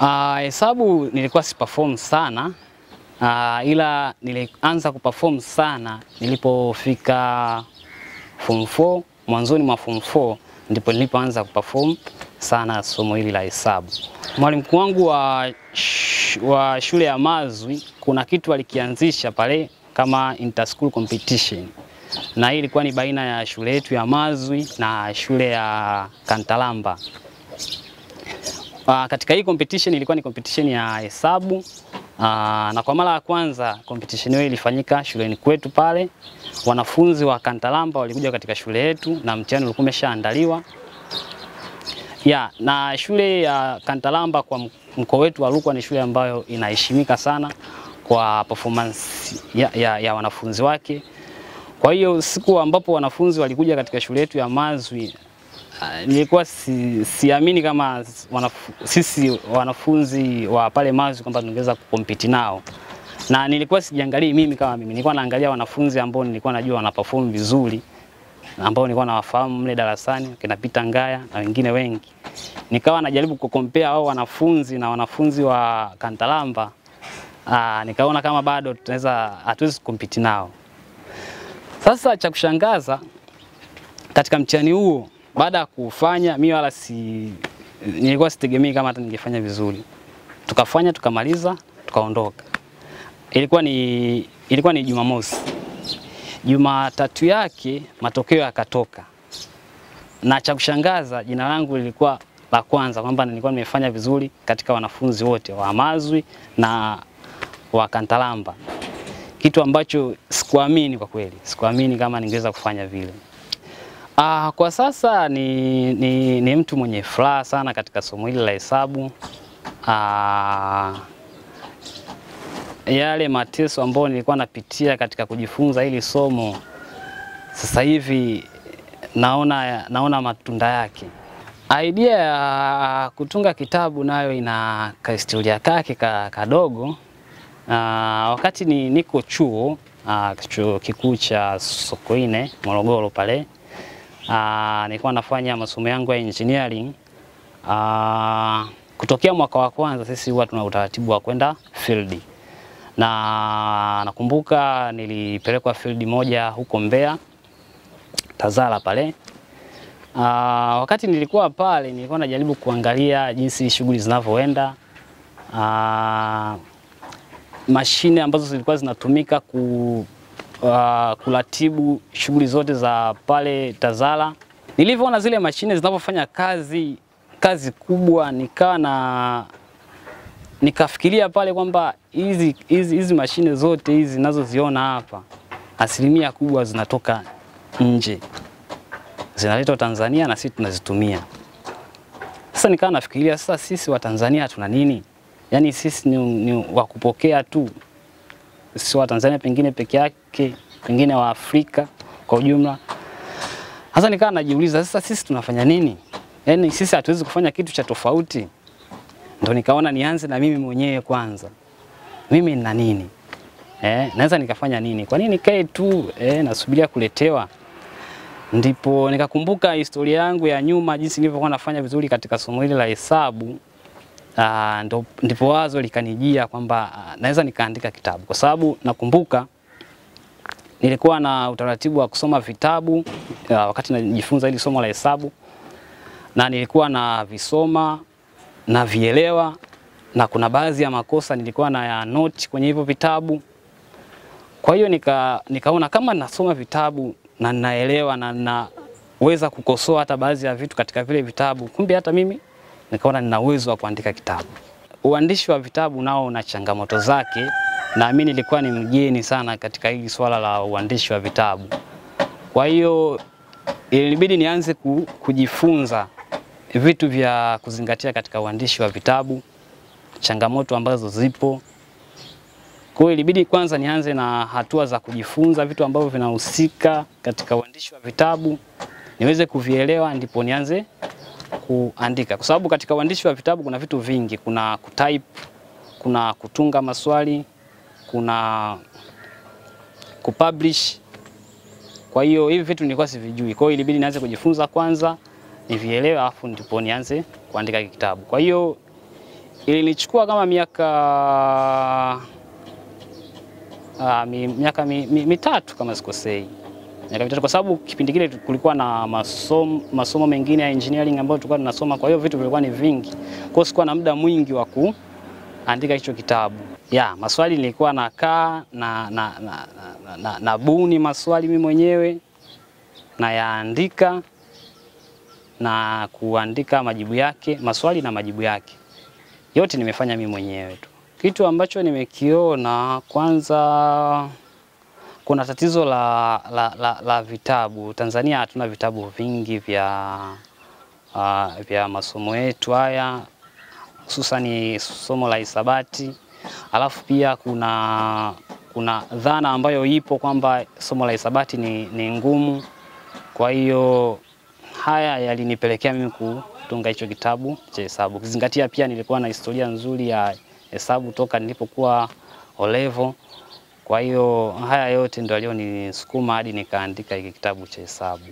Ah, hesabu uh, nilikuwa si perform sana uh, ila nilianza kuperform sana nilipofika form 4 mwanzoni mwa form 4 ndipo nilipoanza kuperform sana somo hili la hesabu. Mwalimu mkuu wangu wa, sh wa shule ya Mazwi kuna kitu alikianzisha pale kama interschool competition, na hii ilikuwa ni baina ya shule yetu ya Mazwi na shule ya Kantalamba. Uh, katika hii competition ilikuwa ni competition ya hesabu uh, na kwa mara ya kwanza competition hiyo ilifanyika shuleni kwetu pale. Wanafunzi wa Kantalamba walikuja katika shule yetu na mtihani ulikuwa umeshaandaliwa ya na shule ya Kantalamba kwa mkoa wetu wa Rukwa ni shule ambayo inaheshimika sana kwa performance ya, ya, ya wanafunzi wake. Kwa hiyo siku ambapo wanafunzi walikuja katika shule yetu ya Mazwi nilikuwa si, siamini kama wanafu, sisi wanafunzi wa pale Mazi kwamba tungeweza kukompiti nao, na nilikuwa sijiangalii mimi kama mimi, nilikuwa naangalia wanafunzi ambao nilikuwa najua wanaperform vizuri ambao nilikuwa nawafahamu mle darasani kina Ngaya na wengine wengi. Nikawa najaribu kukompea wao wanafunzi na wanafunzi wa Kantalamba. Aa, ah, nikaona kama bado tunaweza hatuwezi kukompiti nao. Sasa cha kushangaza katika mtihani huo baada ya kufanya mimi wala si nilikuwa sitegemei kama hata ningefanya vizuri. Tukafanya tukamaliza tukaondoka. Ilikuwa ni ilikuwa ni Jumamosi. Jumatatu yake matokeo yakatoka, na cha kushangaza jina langu lilikuwa la kwanza, kwamba nilikuwa nimefanya vizuri katika wanafunzi wote wa Mazwi na wa Kantalamba, kitu ambacho sikuamini kwa kweli, sikuamini kama ningeweza kufanya vile. Ah, kwa sasa ni, ni, ni mtu mwenye furaha sana katika somo hili la hesabu. Ah, yale mateso ambayo nilikuwa napitia katika kujifunza hili somo sasa hivi naona, naona matunda yake. Idea ya kutunga kitabu nayo ina kahistoria kake kadogo. ah, wakati ni niko chuo ah, chuo kikuu cha Sokoine Morogoro pale Ah, nilikuwa nafanya masomo yangu ya engineering uh, kutokea mwaka wa kwanza sisi huwa tuna utaratibu wa kwenda field, na nakumbuka nilipelekwa field moja huko Mbeya Tazara pale. Uh, wakati nilikuwa pale nilikuwa najaribu kuangalia jinsi shughuli zinavyoenda uh, mashine ambazo zilikuwa zinatumika ku uh, kuratibu shughuli zote za pale Tazara. Nilivyoona zile mashine zinapofanya kazi kazi kubwa, nikawa na nikafikiria pale kwamba hizi hizi mashine zote hizi ninazoziona hapa asilimia kubwa zinatoka nje, zinaletwa Tanzania na sisi tunazitumia. Sasa nikawa nafikiria sasa sisi wa Tanzania tuna nini? Yaani sisi ni, ni wa kupokea tu si wa Tanzania pengine peke yake, pengine wa Afrika kwa ujumla. Sasa nikawa najiuliza, sasa sisi tunafanya nini? Yaani sisi hatuwezi kufanya kitu cha tofauti. Ndio nikaona nianze na mimi mwenyewe kwanza, mimi nina nini eh, naweza nikafanya nini? Kwa nini nikae tu eh, nasubiria kuletewa? Ndipo nikakumbuka historia yangu ya nyuma, jinsi nilivyokuwa nafanya vizuri katika somo hili la hesabu Ah, ndo, ndipo wazo likanijia kwamba ah, naweza nikaandika kitabu, kwa sababu nakumbuka nilikuwa na utaratibu wa kusoma vitabu uh, wakati najifunza hili somo la hesabu, na nilikuwa na visoma na vielewa, na kuna baadhi ya makosa nilikuwa na ya note kwenye hivyo vitabu. Kwa hiyo nika, nikaona kama nasoma vitabu na naelewa na naweza kukosoa hata baadhi ya vitu katika vile vitabu, kumbe hata mimi nikaona nina uwezo wa kuandika kitabu. Uandishi wa vitabu nao una changamoto zake, na mimi nilikuwa ni mgeni sana katika hili swala la uandishi wa vitabu. Kwa hiyo ilibidi nianze kujifunza vitu vya kuzingatia katika uandishi wa vitabu, changamoto ambazo zipo. Kwa hiyo ilibidi kwanza nianze na hatua za kujifunza vitu ambavyo vinahusika katika uandishi wa vitabu, niweze kuvielewa, ndipo nianze kuandika, kwa sababu katika uandishi wa vitabu kuna vitu vingi, kuna kutype, kuna kutunga maswali, kuna kupublish. Kwa hiyo hivi vitu nilikuwa sivijui, kwa hiyo ilibidi nianze kujifunza kwanza nivielewe, afu ndipo nianze kuandika kitabu. Kwa hiyo ilinichukua kama miaka aa, ah, mi, miaka mi, mi, mitatu kama sikosei. Nikapita kwa sababu kipindi kile kulikuwa na masomo, masomo mengine ya engineering ambayo tulikuwa tunasoma, kwa hiyo vitu vilikuwa ni vingi, kwa hiyo sikuwa na muda mwingi wa kuandika hicho kitabu. Ya, maswali nilikuwa nakaa na, na, na, na, na, na buni maswali mimi mwenyewe nayaandika na kuandika majibu yake, maswali na majibu yake yote nimefanya mimi mwenyewe tu. Kitu ambacho nimekiona kwanza kuna tatizo la, la, la, la vitabu. Tanzania hatuna vitabu vingi vya, uh, vya masomo yetu haya hususani somo la hisabati, alafu pia kuna kuna dhana ambayo ipo kwamba somo la hisabati ni, ni ngumu. Kwa hiyo haya yalinipelekea mimi kutunga hicho kitabu cha hesabu, kizingatia pia nilikuwa na historia nzuri ya hesabu toka nilipokuwa olevo. Kwa hiyo haya yote ndio alionisukuma hadi nikaandika hiki kitabu cha hesabu.